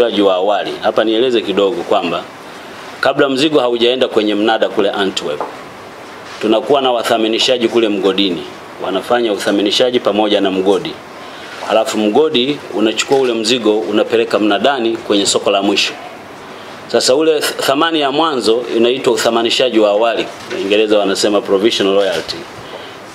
usafirishaji wa awali. Hapa nieleze kidogo kwamba kabla mzigo haujaenda kwenye mnada kule Antwerp, tunakuwa na wathaminishaji kule mgodini, wanafanya uthaminishaji pamoja na mgodi, alafu mgodi unachukua ule mzigo unapeleka mnadani kwenye soko la mwisho. Sasa ule thamani ya mwanzo inaitwa uthamanishaji wa awali, Waingereza wanasema provisional royalty.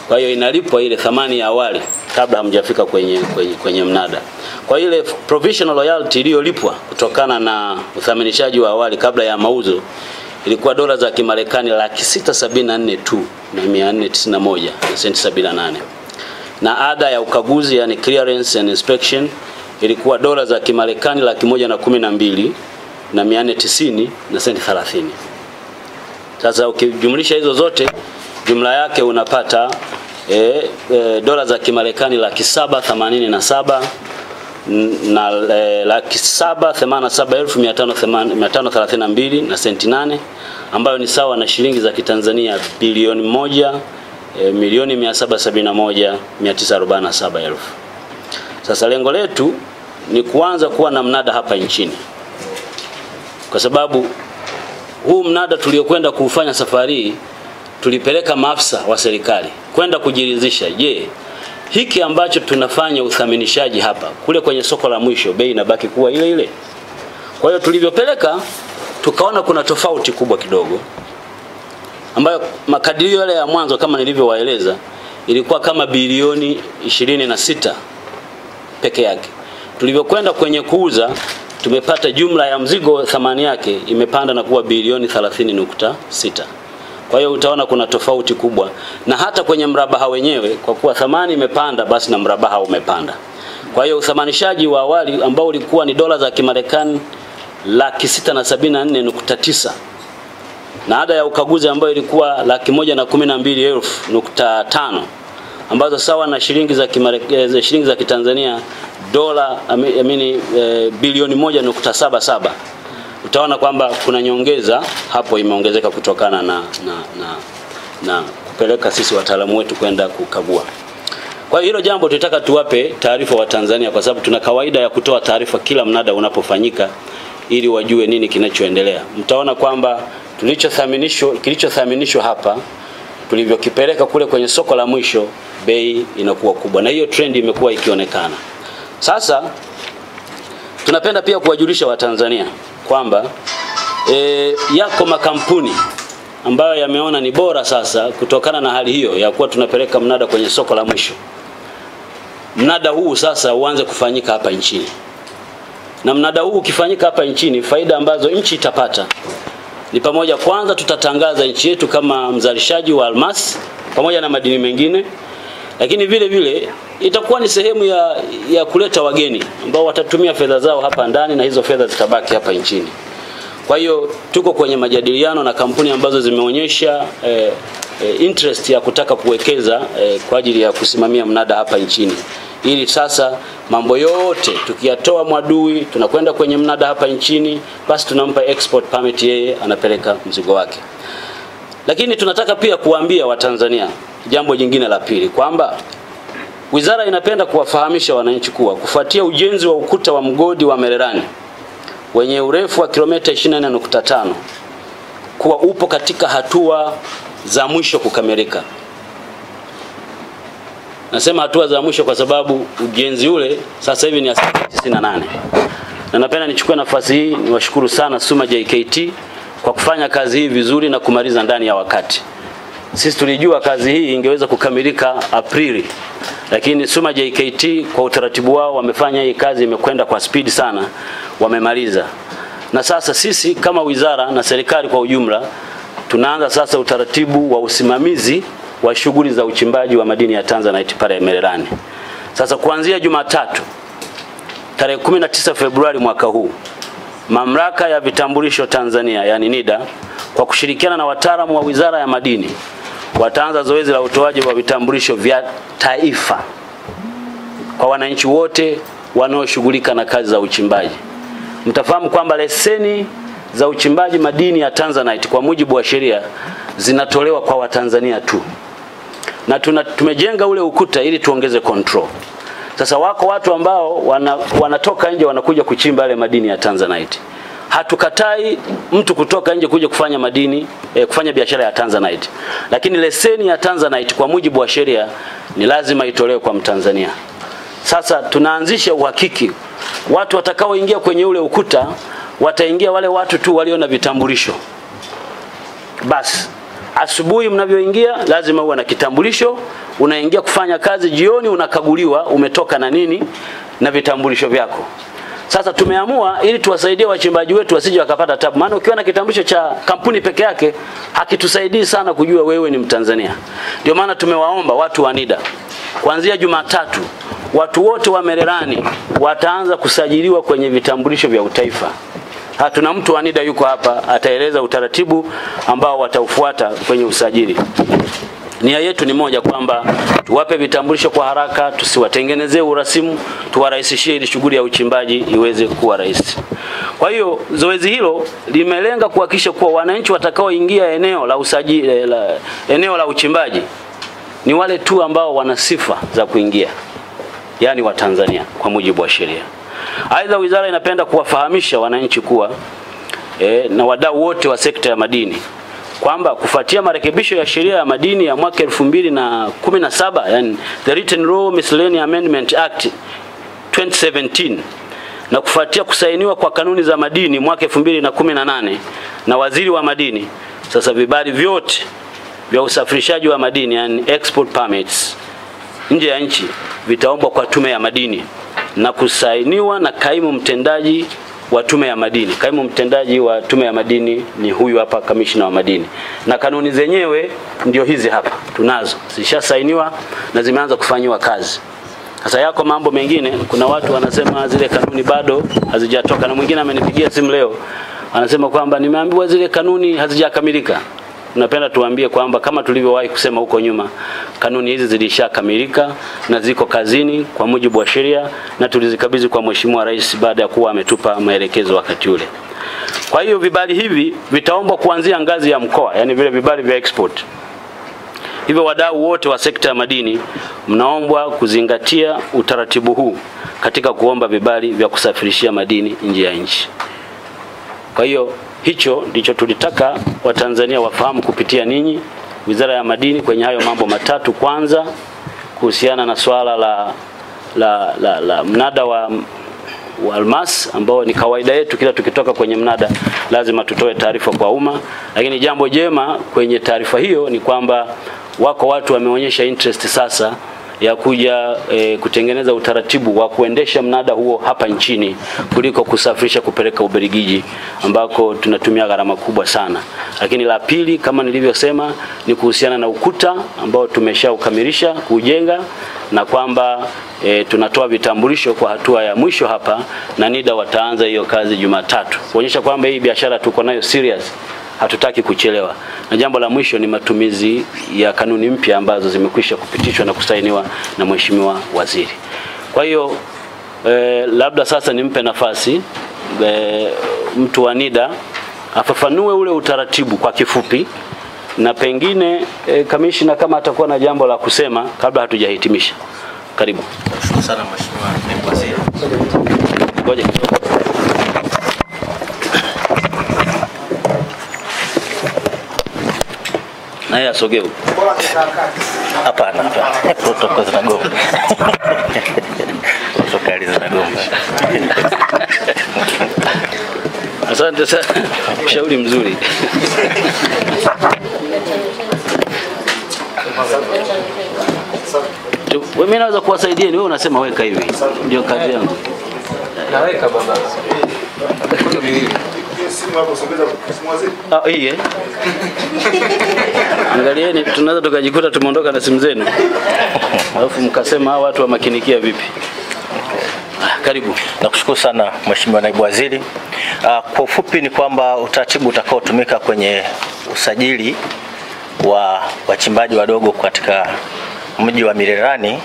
Kwa hiyo inalipwa ile thamani ya awali kabla hamjafika kwenye, kwenye, kwenye mnada. Kwa ile provisional royalty iliyolipwa kutokana na uthaminishaji wa awali kabla ya mauzo ilikuwa dola za Kimarekani laki sita sabini na nne tu na mia nne tisini na moja na senti sabini na nane na ada ya ukaguzi yani clearance and inspection ilikuwa dola za Kimarekani laki moja na kumi na mbili na mia nne tisini na senti thelathini. Sasa ukijumlisha hizo zote, jumla yake unapata e, e, dola za Kimarekani laki saba themanini na saba na e, laki saba themanini na saba elfu mia tano thelathini na mbili na senti nane ambayo ni sawa na shilingi za Kitanzania bilioni moja e, milioni mia saba sabini na moja mia tisa arobaini na saba elfu. Sasa lengo letu ni kuanza kuwa na mnada hapa nchini kwa sababu huu mnada tuliokwenda kuufanya safari tulipeleka maafisa wa serikali kwenda kujiridhisha, je, hiki ambacho tunafanya uthaminishaji hapa, kule kwenye soko la mwisho bei inabaki kuwa ile ile? Kwa hiyo tulivyopeleka tukaona kuna tofauti kubwa kidogo, ambayo makadirio yale ya mwanzo kama nilivyowaeleza ilikuwa kama bilioni 26 peke yake. Tulivyokwenda kwenye kuuza tumepata jumla ya mzigo, thamani yake imepanda na kuwa bilioni 30.6. Kwa hiyo utaona kuna tofauti kubwa, na hata kwenye mrabaha wenyewe, kwa kuwa thamani imepanda, basi na mrabaha umepanda. Kwa hiyo uthamanishaji wa awali ambao ulikuwa ni dola za Kimarekani laki sita na sabini na nne nukta tisa na ada ya ukaguzi ambayo ilikuwa laki moja na kumi na mbili elfu nukta tano ambazo sawa na shilingi za Kimarekani, eh, shilingi za Kitanzania dola amini, e, eh, bilioni moja nukta saba saba utaona kwamba kuna nyongeza hapo imeongezeka kutokana na, na, na, na kupeleka sisi wataalamu wetu kwenda kukagua. Kwa hiyo hilo jambo tunataka tuwape taarifa wa Tanzania kwa sababu tuna kawaida ya kutoa taarifa kila mnada unapofanyika ili wajue nini kinachoendelea. Mtaona kwamba tulichothaminishwa kilichothaminishwa hapa tulivyokipeleka kule kwenye soko la mwisho, bei inakuwa kubwa, na hiyo trend imekuwa ikionekana. Sasa tunapenda pia kuwajulisha Watanzania kwamba e, yako makampuni ambayo yameona ni bora sasa kutokana na hali hiyo ya kuwa tunapeleka mnada kwenye soko la mwisho, mnada huu sasa uanze kufanyika hapa nchini, na mnada huu ukifanyika hapa nchini, faida ambazo nchi itapata ni pamoja, kwanza tutatangaza nchi yetu kama mzalishaji wa almasi pamoja na madini mengine lakini vile vile itakuwa ni sehemu ya, ya kuleta wageni ambao watatumia fedha zao hapa ndani na hizo fedha zitabaki hapa nchini. Kwa hiyo tuko kwenye majadiliano na kampuni ambazo zimeonyesha eh, eh interest ya kutaka kuwekeza eh, kwa ajili ya kusimamia mnada hapa nchini ili sasa mambo yote tukiyatoa Mwadui tunakwenda kwenye mnada hapa nchini, basi tunampa export permit, yeye anapeleka mzigo wake. Lakini tunataka pia kuwaambia Watanzania jambo jingine la pili kwamba wizara inapenda kuwafahamisha wananchi kuwa kufuatia ujenzi wa ukuta wa mgodi wa Mererani wenye urefu wa kilomita 24.5 kuwa upo katika hatua za mwisho kukamilika. Nasema hatua za mwisho kwa sababu ujenzi ule sasa hivi ni asilimia 98, na napenda nichukue nafasi hii niwashukuru sana Suma JKT kwa kufanya kazi hii vizuri na kumaliza ndani ya wakati. Sisi tulijua kazi hii ingeweza kukamilika Aprili, lakini Suma JKT kwa utaratibu wao wamefanya hii kazi, imekwenda kwa spidi sana, wamemaliza. Na sasa sisi kama wizara na serikali kwa ujumla tunaanza sasa utaratibu wa usimamizi wa shughuli za uchimbaji wa madini ya Tanzanite pale Mererani. Sasa kuanzia Jumatatu tarehe 19 Februari mwaka huu Mamlaka ya Vitambulisho Tanzania yani NIDA kwa kushirikiana na wataalamu wa Wizara ya Madini wataanza zoezi la utoaji wa vitambulisho vya taifa kwa wananchi wote wanaoshughulika na kazi za uchimbaji. Mtafahamu kwamba leseni za uchimbaji madini ya Tanzanite kwa mujibu wa sheria zinatolewa kwa Watanzania tu, na tuna, tumejenga ule ukuta ili tuongeze control. Sasa wako watu ambao wana, wanatoka nje wanakuja kuchimba yale madini ya Tanzanite. Hatukatai mtu kutoka nje kuja kufanya madini eh, kufanya biashara ya Tanzanite, lakini leseni ya Tanzanite kwa mujibu wa sheria ni lazima itolewe kwa Mtanzania. Sasa tunaanzisha uhakiki, watu watakaoingia kwenye ule ukuta wataingia wale watu tu walio na vitambulisho basi. Asubuhi mnavyoingia lazima uwe na kitambulisho, unaingia kufanya kazi, jioni unakaguliwa umetoka na nini na vitambulisho vyako. Sasa tumeamua ili tuwasaidie wachimbaji wetu wasije wakapata tabu, maana ukiwa na kitambulisho cha kampuni peke yake hakitusaidii sana kujua wewe ni Mtanzania. Ndio maana tumewaomba watu wa NIDA kuanzia Jumatatu watu wote wa Mererani wataanza kusajiliwa kwenye vitambulisho vya utaifa hatuna mtu wa NIDA yuko hapa, ataeleza utaratibu ambao wataufuata kwenye usajili. Nia yetu ni moja, kwamba tuwape vitambulisho kwa haraka, tusiwatengenezee urasimu, tuwarahisishie ili shughuli ya uchimbaji iweze kuwa rahisi. Kwa hiyo zoezi hilo limelenga kuhakikisha kuwa wananchi watakaoingia eneo la usajili eh, la, eneo la uchimbaji ni wale tu ambao wana sifa za kuingia, yaani Watanzania kwa mujibu wa sheria. Aidha, wizara inapenda kuwafahamisha wananchi kuwa e, na wadau wote wa sekta ya madini kwamba kufuatia marekebisho ya sheria ya madini ya mwaka saba yani the Written Law Miscellaneous Amendment Act 2017 na kufuatia kusainiwa kwa kanuni za madini mwaka nane na waziri wa madini, sasa vibali vyote vya usafirishaji wa madini yani export permits nje ya nchi vitaombwa kwa tume ya madini na kusainiwa na kaimu mtendaji wa tume ya madini. Kaimu mtendaji wa tume ya madini ni huyu hapa, kamishina wa madini, na kanuni zenyewe ndio hizi hapa, tunazo zishasainiwa na zimeanza kufanyiwa kazi. Sasa yako mambo mengine, kuna watu wanasema zile kanuni bado hazijatoka, na mwingine amenipigia simu leo anasema kwamba nimeambiwa zile kanuni hazijakamilika tunapenda tuambie kwamba kama tulivyowahi kusema huko nyuma, kanuni hizi zilishakamilika na ziko kazini kwa mujibu wa sheria na tulizikabidhi kwa Mheshimiwa Rais baada ya kuwa ametupa maelekezo wakati ule. Kwa hiyo vibali hivi vitaombwa kuanzia ngazi ya mkoa, yani vile vibali vya export. Hivyo wadau wote wa sekta ya madini mnaombwa kuzingatia utaratibu huu katika kuomba vibali vya kusafirishia madini nje ya nchi. Kwa hiyo Hicho ndicho tulitaka Watanzania wafahamu kupitia ninyi, Wizara ya Madini, kwenye hayo mambo matatu. Kwanza, kuhusiana na swala la, la, la, la mnada wa wa almasi ambao ni kawaida yetu, kila tukitoka kwenye mnada lazima tutoe taarifa kwa umma. Lakini jambo jema kwenye taarifa hiyo ni kwamba wako watu wameonyesha interest sasa ya kuja e, kutengeneza utaratibu wa kuendesha mnada huo hapa nchini kuliko kusafirisha kupeleka Ubelgiji ambako tunatumia gharama kubwa sana. Lakini la pili, kama nilivyosema, ni kuhusiana na ukuta ambao tumeshaukamilisha kujenga na kwamba e, tunatoa vitambulisho kwa hatua ya mwisho hapa, na NIDA wataanza hiyo kazi Jumatatu kuonyesha kwamba hii biashara tuko nayo serious hatutaki kuchelewa. Na jambo la mwisho ni matumizi ya kanuni mpya ambazo zimekwisha kupitishwa na kusainiwa na Mheshimiwa Waziri. Kwa hiyo eh, labda sasa nimpe nafasi eh, mtu wa NIDA afafanue ule utaratibu kwa kifupi na pengine e, kamishna kama atakuwa na jambo la kusema kabla hatujahitimisha. Karibu. Asante sana mheshimiwa naibu waziri. Ngoja kidogo. naye asogee huko. Hapana, hapana, protoko zinagonga protokali zinagonga. Asante sana, ushauri mzuri. Wewe Mimi naweza kuwasaidia, wewe unasema weka hivi, ndio kazi yangu. Naweka baba. Ah, iye. Eh? Angalieni tunaweza tukajikuta tumeondoka na simu zenu. Alafu mkasema hawa watu wamakinikia vipi? Ah, karibu. Nakushukuru sana Mheshimiwa Naibu Waziri. Ah, kwa ufupi ni kwamba utaratibu utakaotumika kwenye usajili wa wachimbaji wadogo katika mji wa Mirerani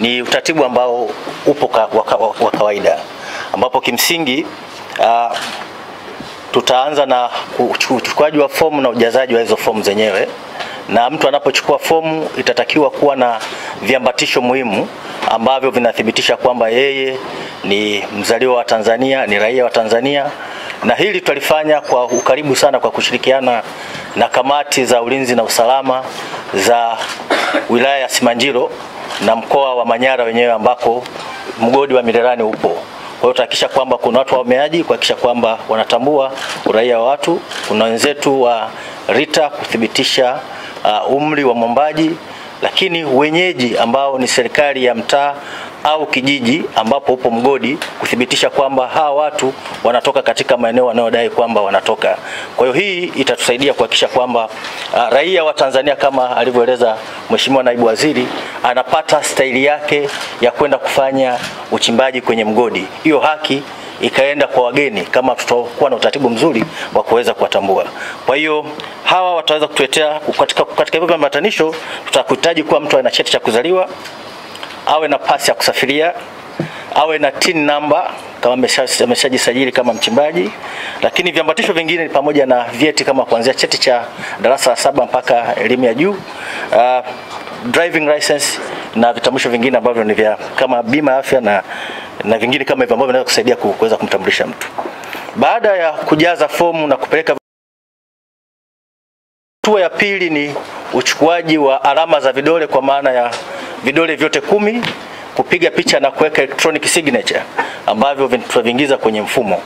ni utaratibu ambao upo wa kawaida ambapo kimsingi uh, tutaanza na uchukuaji wa fomu na ujazaji wa hizo fomu zenyewe, na mtu anapochukua fomu itatakiwa kuwa na viambatisho muhimu ambavyo vinathibitisha kwamba yeye ni mzaliwa wa Tanzania, ni raia wa Tanzania, na hili tutalifanya kwa ukaribu sana kwa kushirikiana na kamati za ulinzi na usalama za wilaya ya Simanjiro na mkoa wa Manyara wenyewe ambako mgodi wa Mirerani upo hiyo tutahakikisha kwamba kuna watu wameaji kuhakikisha kwamba wanatambua uraia wa watu. Kuna wenzetu wa RITA kuthibitisha uh, umri wa mwombaji, lakini wenyeji ambao ni serikali ya mtaa au kijiji ambapo upo mgodi kuthibitisha kwamba hawa watu wanatoka katika maeneo wanayodai kwamba wanatoka. Kwa hiyo hii itatusaidia kuhakikisha kwamba uh, raia wa Tanzania kama alivyoeleza Mheshimiwa Naibu Waziri anapata staili yake ya kwenda kufanya uchimbaji kwenye mgodi. Hiyo haki ikaenda kwa wageni kama tutakuwa na utaratibu mzuri wa kuweza kuwatambua. Kwa hiyo hawa wataweza kutuletea katika katika hivyo matanisho, tutakuhitaji kuwa mtu ana cheti cha kuzaliwa awe na pasi ya kusafiria, awe na TIN number kama ameshajisajili kama mchimbaji, lakini viambatisho vingine ni pamoja na vyeti kama kuanzia cheti cha darasa la saba mpaka elimu ya juu uh, driving license na vitambulisho vingine ambavyo ni vya kama bima ya afya na, na vingine kama hivyo ambavyo vinaweza kusaidia kuweza kumtambulisha mtu. Baada ya kujaza fomu na kupeleka, hatua ya pili ni uchukuaji wa alama za vidole kwa maana ya vidole vyote kumi kupiga picha na kuweka electronic signature ambavyo tutaviingiza kwenye mfumo.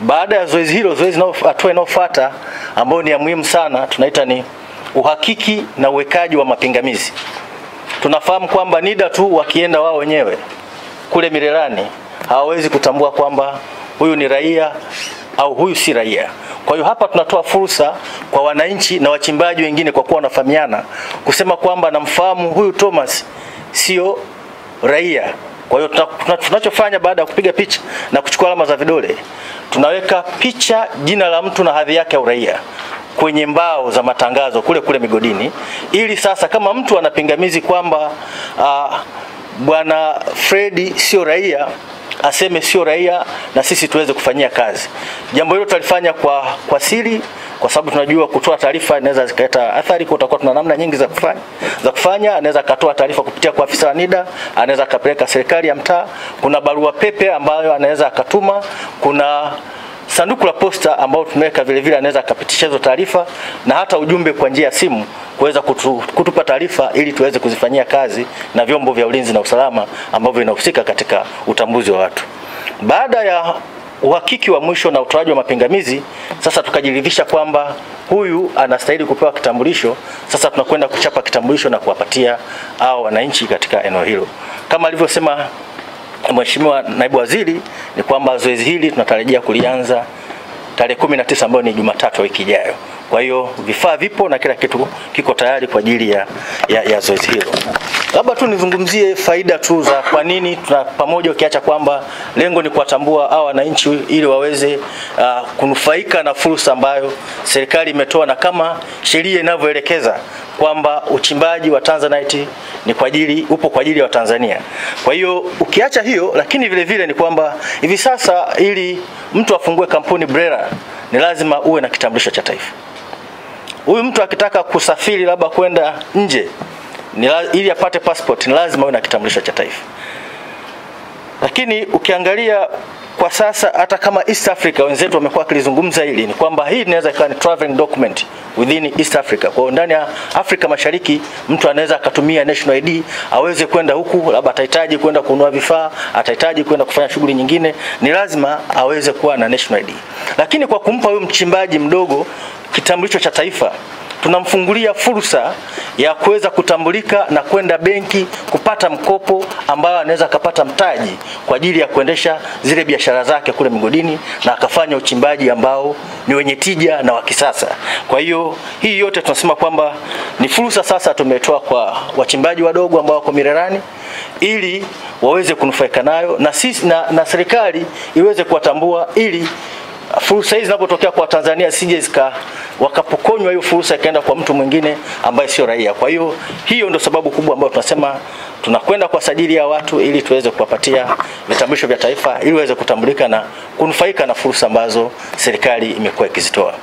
Baada ya zoezi hilo, zoezi hatua inayofuata ambayo ni ya muhimu sana tunaita ni uhakiki na uwekaji wa mapingamizi. Tunafahamu kwamba NIDA tu wakienda wao wenyewe kule Mirerani hawawezi kutambua kwamba huyu ni raia au huyu si raia. Kwa hiyo hapa tunatoa fursa kwa wananchi na wachimbaji wengine kwa kuwa wanafahamiana kusema kwamba namfahamu huyu Thomas sio raia. Kwa hiyo tunachofanya baada ya kupiga picha na kuchukua alama za vidole, tunaweka picha, jina la mtu na hadhi yake ya uraia kwenye mbao za matangazo kule kule migodini, ili sasa kama mtu anapingamizi kwamba uh, bwana Fredi sio raia, aseme sio raia na sisi tuweze kufanyia kazi. Jambo hilo tutalifanya kwa, kwa siri kwa sababu tunajua kutoa taarifa inaweza zikaleta athari. Kwa utakuwa tuna namna nyingi za kufanya za kufanya, anaweza akatoa taarifa kupitia kwa afisa wa NIDA, anaweza akapeleka serikali ya mtaa, kuna barua pepe ambayo anaweza akatuma, kuna sanduku la posta ambao tumeweka vile vile, anaweza akapitisha hizo taarifa na hata ujumbe kwa njia ya simu kuweza kutu, kutupa taarifa ili tuweze kuzifanyia kazi na vyombo vya ulinzi na usalama ambavyo vinahusika katika utambuzi wa watu. Baada ya uhakiki wa mwisho na utoaji wa mapingamizi, sasa tukajiridhisha kwamba huyu anastahili kupewa kitambulisho. Sasa tunakwenda kuchapa kitambulisho na kuwapatia hao wananchi katika eneo hilo. Kama alivyosema Mheshimiwa Naibu Waziri, ni kwamba zoezi hili tunatarajia kulianza tarehe 19 ambayo ni Jumatatu wiki ijayo. Kwa hiyo vifaa vipo na kila kitu kiko tayari kwa ajili ya, ya, ya zoezi hilo. Labda tu nizungumzie faida tu za kwa nini tuna pamoja, ukiacha kwamba lengo ni kuwatambua hawa wananchi ili waweze uh, kunufaika na fursa ambayo serikali imetoa na kama sheria inavyoelekeza kwamba uchimbaji wa Tanzanite ni kwa ajili upo kwa ajili ya Watanzania. Kwa hiyo ukiacha hiyo, lakini vile vile ni kwamba hivi sasa ili mtu afungue kampuni BRELA ni lazima uwe na kitambulisho cha taifa. Huyu mtu akitaka kusafiri labda kwenda nje ni ili apate passport ni lazima awe na kitambulisho cha taifa. Lakini ukiangalia kwa sasa hata kama East Africa wenzetu wamekuwa kilizungumza hili ni kwamba hii inaweza ikawa ni traveling document within East Africa. Kwa hiyo ndani ya Afrika Mashariki mtu anaweza akatumia national ID aweze kwenda huku, labda atahitaji kwenda kununua vifaa, atahitaji kwenda kufanya shughuli nyingine, ni lazima aweze kuwa na national ID. Lakini kwa kumpa huyo mchimbaji mdogo kitambulisho cha taifa, tunamfungulia fursa ya kuweza kutambulika na kwenda benki kupata mkopo ambayo anaweza akapata mtaji kwa ajili ya kuendesha zile biashara zake kule migodini na akafanya uchimbaji ambao ni wenye tija na wa kisasa. Kwa hiyo hii yote tunasema kwamba ni fursa sasa tumetoa kwa wachimbaji wadogo ambao wako Mirerani ili waweze kunufaika nayo na, sisi, na, na serikali iweze kuwatambua ili fursa hizi zinapotokea kwa Tanzania sije zika wakapokonywa hiyo fursa ikaenda kwa mtu mwingine ambaye sio raia. Kwa hiyo hiyo ndio sababu kubwa ambayo tunasema tunakwenda kwa sajili ya watu ili tuweze kuwapatia vitambulisho vya taifa ili waweze kutambulika na kunufaika na fursa ambazo serikali imekuwa ikizitoa.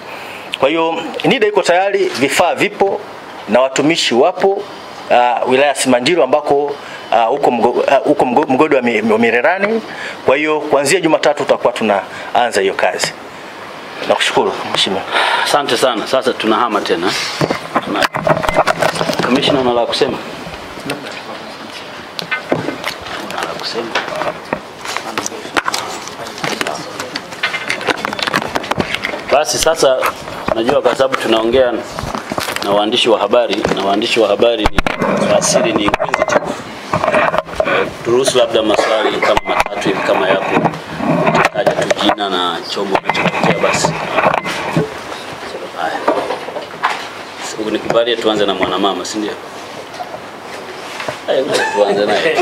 Kwa hiyo NIDA iko tayari, vifaa vipo na watumishi wapo uh, wilaya ya Simanjiro ambako huko uh, ah, huko mgo, ah, uh, mgodi wa Mirerani. Kwa hiyo kuanzia Jumatatu tutakuwa tunaanza hiyo kazi. Nakushukuru mheshimiwa. Asante sana. Sasa tunahama tena. Kamishna, una la kusema? Una la kusema? Basi sasa, najua kwa sababu tunaongea na waandishi wa habari na waandishi wa habari ni asili ni inquisitive. E, turuhusu labda maswali kama matatu hivi kama yapo, utataja tu jina na chombo unachotokea basi. Unikubali tuanze na mwanamama, si ndio? Tuanze naye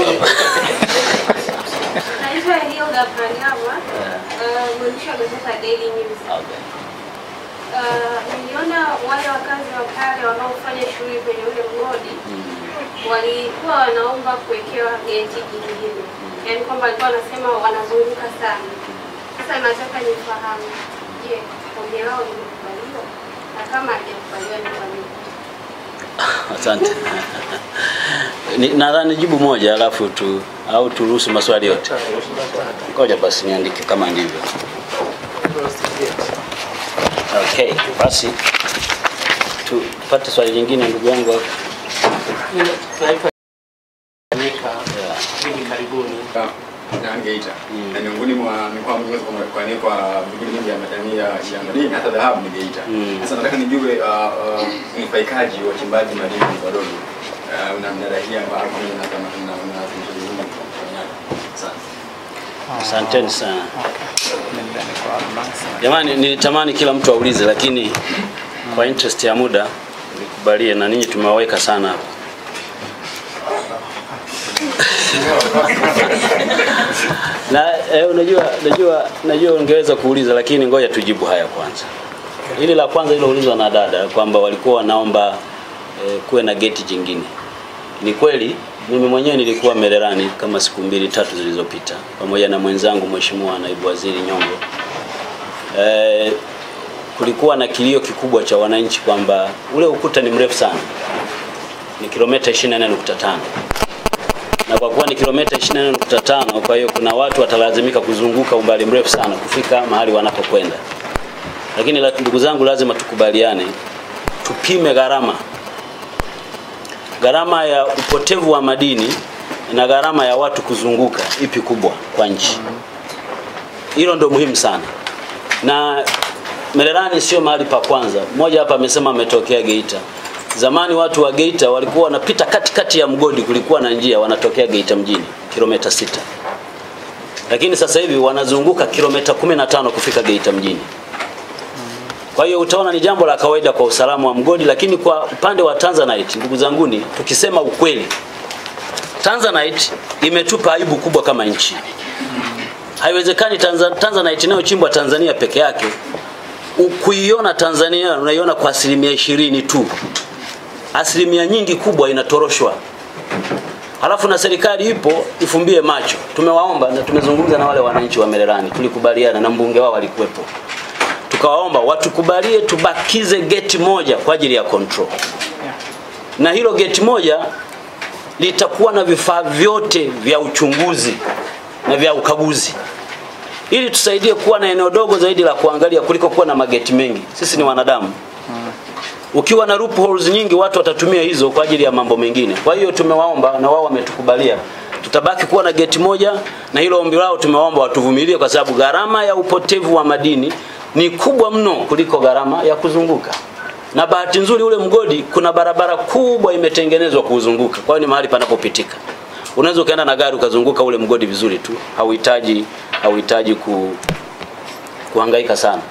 uh, Daily News. Uh, Mbona wale wakazi wa pale wanaofanya shughuli kwenye ule mgodi mm. walikuwa wanaomba kuwekewa geti jingine, mm. yaani kwamba walikuwa wanasema wanazunguka sana. Sasa nataka nifahamu, je, ombi lao limekubaliwa? Na kama hajakubaliwa ni kwa nini? Asante. Nadhani jibu moja alafu tu au turuhusu maswali yote. Ngoja basi niandike kama ndivyo. Okay, basi tupate swali lingine ndugu yangu. hivi karibuni ah, na Geita. Hmm. Na miongoni mwa mikoa ambayo imeweza kuanikwa ah, vipuri vingi ya madini ya madini hata dhahabu ni Geita. Hmm. Sasa nataka nijue unufaikaji ah, wa wachimbaji madini wadogo na mnadahia ambao na Asanteni sana. Okay. Jamani, nilitamani kila mtu aulize, lakini kwa interest ya muda nikubalie, na ninyi tumewaweka sana hapa na eh, unajua najua najua ungeweza kuuliza, lakini ngoja tujibu haya kwanza. Hili la kwanza liloulizwa na dada kwamba walikuwa wanaomba eh, kuwe na geti jingine, ni kweli mimi mwenyewe nilikuwa Mererani kama siku mbili tatu zilizopita pamoja na mwenzangu Mheshimiwa Naibu Waziri Nyongo. E, kulikuwa na kilio kikubwa cha wananchi kwamba ule ukuta ni mrefu sana, ni kilomita 24.5 na kwa kuwa ni kilomita 24.5, kwa hiyo kuna watu watalazimika kuzunguka umbali mrefu sana kufika mahali wanapokwenda. Lakini ndugu zangu, lazima tukubaliane, tupime gharama gharama ya upotevu wa madini na gharama ya watu kuzunguka ipi kubwa kwa nchi? Hilo ndo muhimu sana, na Mererani sio mahali pa kwanza. Mmoja hapa amesema ametokea Geita. Zamani watu wa Geita walikuwa wanapita katikati ya mgodi, kulikuwa na njia, wanatokea Geita mjini kilomita sita, lakini sasa hivi wanazunguka kilomita 15 kufika Geita mjini. Kwa hiyo utaona ni jambo la kawaida kwa usalama wa mgodi, lakini kwa upande wa Tanzanite, ndugu zanguni, tukisema ukweli, Tanzanite imetupa aibu kubwa kama nchi. Haiwezekani Tanzanite inayochimbwa Tanzania peke yake ukuiona Tanzania unaiona kwa asilimia ishirini tu, asilimia nyingi kubwa inatoroshwa. Halafu na serikali ipo ifumbie macho. Tumewaomba na tumezungumza na wale wananchi wa Mererani, tulikubaliana na mbunge wao alikuwepo tukawaomba watukubalie tubakize geti moja kwa ajili ya control, na hilo geti moja litakuwa na vifaa vyote vya uchunguzi na vya ukaguzi ili tusaidie kuwa na eneo dogo zaidi la kuangalia kuliko kuwa na mageti mengi. Sisi ni wanadamu. Ukiwa na loopholes nyingi, watu watatumia hizo kwa ajili ya mambo mengine. Kwa hiyo tumewaomba na wao wametukubalia, tutabaki kuwa na geti moja, na hilo ombi lao tumewaomba watuvumilie, kwa sababu gharama ya upotevu wa madini ni kubwa mno kuliko gharama ya kuzunguka na bahati nzuri ule mgodi kuna barabara kubwa imetengenezwa kuzunguka, kwa hiyo ni mahali panapopitika. Unaweza ukaenda na gari ukazunguka ule mgodi vizuri tu, hauhitaji hauhitaji ku, kuhangaika sana.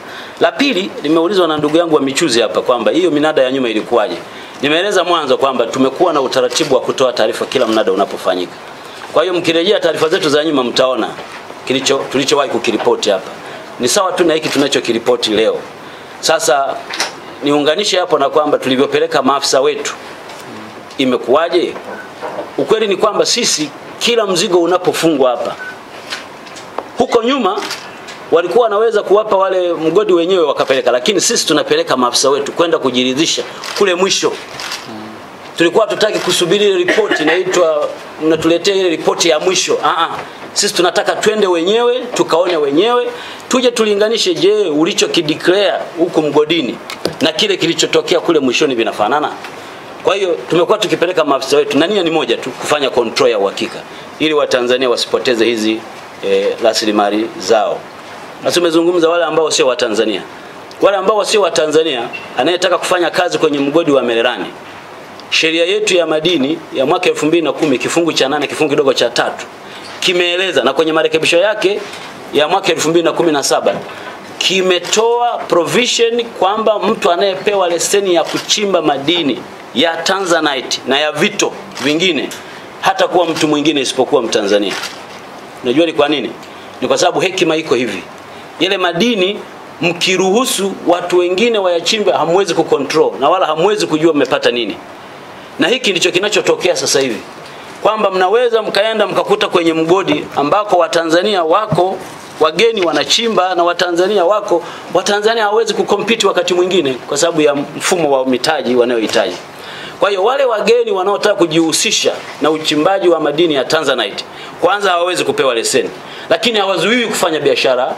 La pili nimeulizwa na ndugu yangu wa michuzi hapa kwamba hiyo minada ya nyuma ilikuwaje. Nimeeleza mwanzo kwamba tumekuwa na utaratibu wa kutoa taarifa kila mnada unapofanyika. Kwa hiyo mkirejea taarifa zetu za nyuma mtaona kilicho tulichowahi kukiripoti hapa. Ni sawa tu na hiki tunachokiripoti leo. Sasa niunganishe hapo na kwamba tulivyopeleka maafisa wetu imekuwaje? Ukweli ni kwamba sisi kila mzigo unapofungwa hapa, huko nyuma walikuwa wanaweza kuwapa wale mgodi wenyewe wakapeleka, lakini sisi tunapeleka maafisa wetu kwenda kujiridhisha kule mwisho. Tulikuwa tutaki kusubiri ile ripoti inaitwa mnatuletea ile ripoti ya mwisho. Ah, ah, sisi tunataka twende wenyewe tukaone wenyewe tuje tulinganishe. Je, ulichokideclare huku mgodini na kile kilichotokea kule mwishoni vinafanana? Kwa hiyo tumekuwa tukipeleka maafisa wetu na nia ni moja tu, kufanya control ya uhakika ili Watanzania wasipoteze hizi e, rasilimali zao. Nasi umezungumza wale ambao sio Watanzania, wale ambao sio Watanzania, anayetaka kufanya kazi kwenye mgodi wa Mererani, sheria yetu ya madini ya mwaka 2010 kifungu cha nane kifungu kidogo cha tatu kimeeleza na kwenye marekebisho yake ya mwaka 2017 kimetoa provision kwamba mtu anayepewa leseni ya kuchimba madini ya Tanzanite na ya vito vingine hata kuwa mtu mwingine isipokuwa Mtanzania. Unajua ni kwa nini? Ni kwa sababu hekima iko hivi, yale madini mkiruhusu watu wengine wayachimbe, hamwezi kucontrol na wala hamwezi kujua mmepata nini. Na hiki ndicho kinachotokea sasa hivi kwamba mnaweza mkaenda mkakuta kwenye mgodi ambako Watanzania wako wageni wanachimba na Watanzania wako. Watanzania hawawezi kukompiti wakati mwingine kwa sababu ya mfumo wa mitaji wanayohitaji. Kwa hiyo wale wageni wanaotaka kujihusisha na uchimbaji wa madini ya Tanzanite kwanza hawawezi kupewa leseni, lakini hawazuiwi kufanya biashara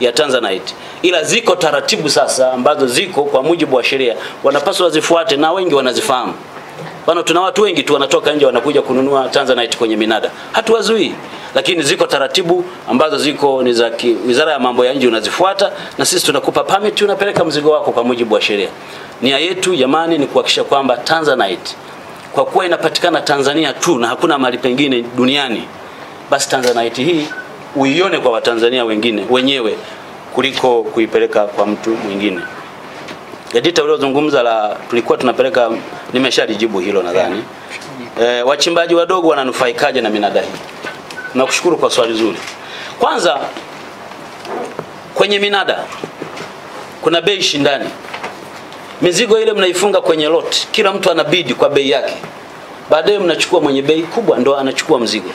ya Tanzanite, ila ziko taratibu sasa ambazo ziko kwa mujibu wa sheria wanapaswa wazifuate, na wengi wanazifahamu. Bana, tuna watu wengi tu wanatoka nje wanakuja kununua Tanzanite kwenye minada, hatuwazuii lakini ziko taratibu ambazo ziko ni za Wizara ya Mambo ya Nje unazifuata, na sisi tunakupa permit, unapeleka mzigo wako kwa mujibu wa sheria. Nia yetu jamani ni kuhakikisha kwamba Tanzanite kwa kuwa inapatikana Tanzania tu na hakuna mahali pengine duniani, basi Tanzanite hii uione kwa Watanzania wengine wenyewe kuliko kuipeleka kwa mtu mwingine. Edita, uliozungumza la tulikuwa tunapeleka, nimeshalijibu hilo nadhani. E, wachimbaji wadogo wananufaikaje na minada hii? nakushukuru kwa swali zuri. Kwanza kwenye minada kuna bei shindani. Mizigo ile mnaifunga kwenye lot, kila mtu anabidi kwa bei yake, baadaye mnachukua mwenye bei kubwa ndo anachukua mzigo.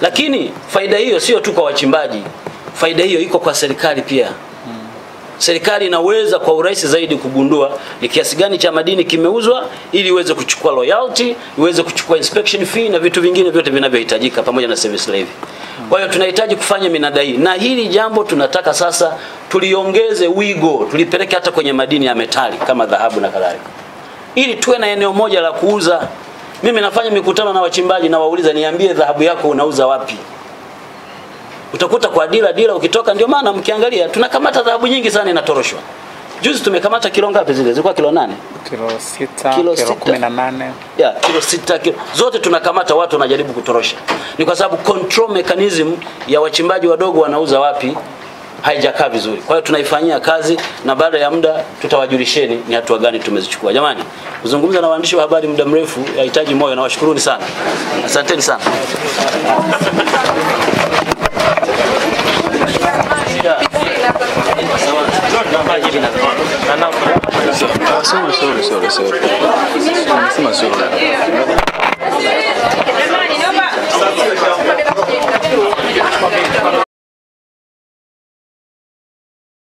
Lakini faida hiyo sio tu kwa wachimbaji, faida hiyo iko kwa serikali pia serikali inaweza kwa urahisi zaidi kugundua ni kiasi gani cha madini kimeuzwa, ili iweze kuchukua royalty, iweze kuchukua inspection fee na vitu vingine vyote vinavyohitajika pamoja na service levy. Kwa hiyo tunahitaji kufanya minada hii, na hili jambo tunataka sasa tuliongeze wigo, tulipeleke hata kwenye madini ya metali kama dhahabu na kadhalika, ili tuwe na eneo moja la kuuza. Mimi nafanya mikutano na wachimbaji, nawauliza niambie, dhahabu yako unauza wapi? utakuta kwa dira dira ukitoka, ndio maana mkiangalia tunakamata dhahabu nyingi sana inatoroshwa. Juzi tumekamata kilo ngapi zile? Zilikuwa kilo nane kilo sita kilo, kilo kumi na nane yeah, kilo sita kilo zote tunakamata, watu wanajaribu kutorosha. Ni kwa sababu control mechanism ya wachimbaji wadogo wanauza wapi haijakaa vizuri. Kwa hiyo tunaifanyia kazi na baada ya muda tutawajulisheni ni hatua gani tumezichukua. Jamani, kuzungumza na waandishi wa habari muda mrefu yahitaji moyo, na washukuruni sana, asanteni sana. سوري سوري سوري سوري ثم سوري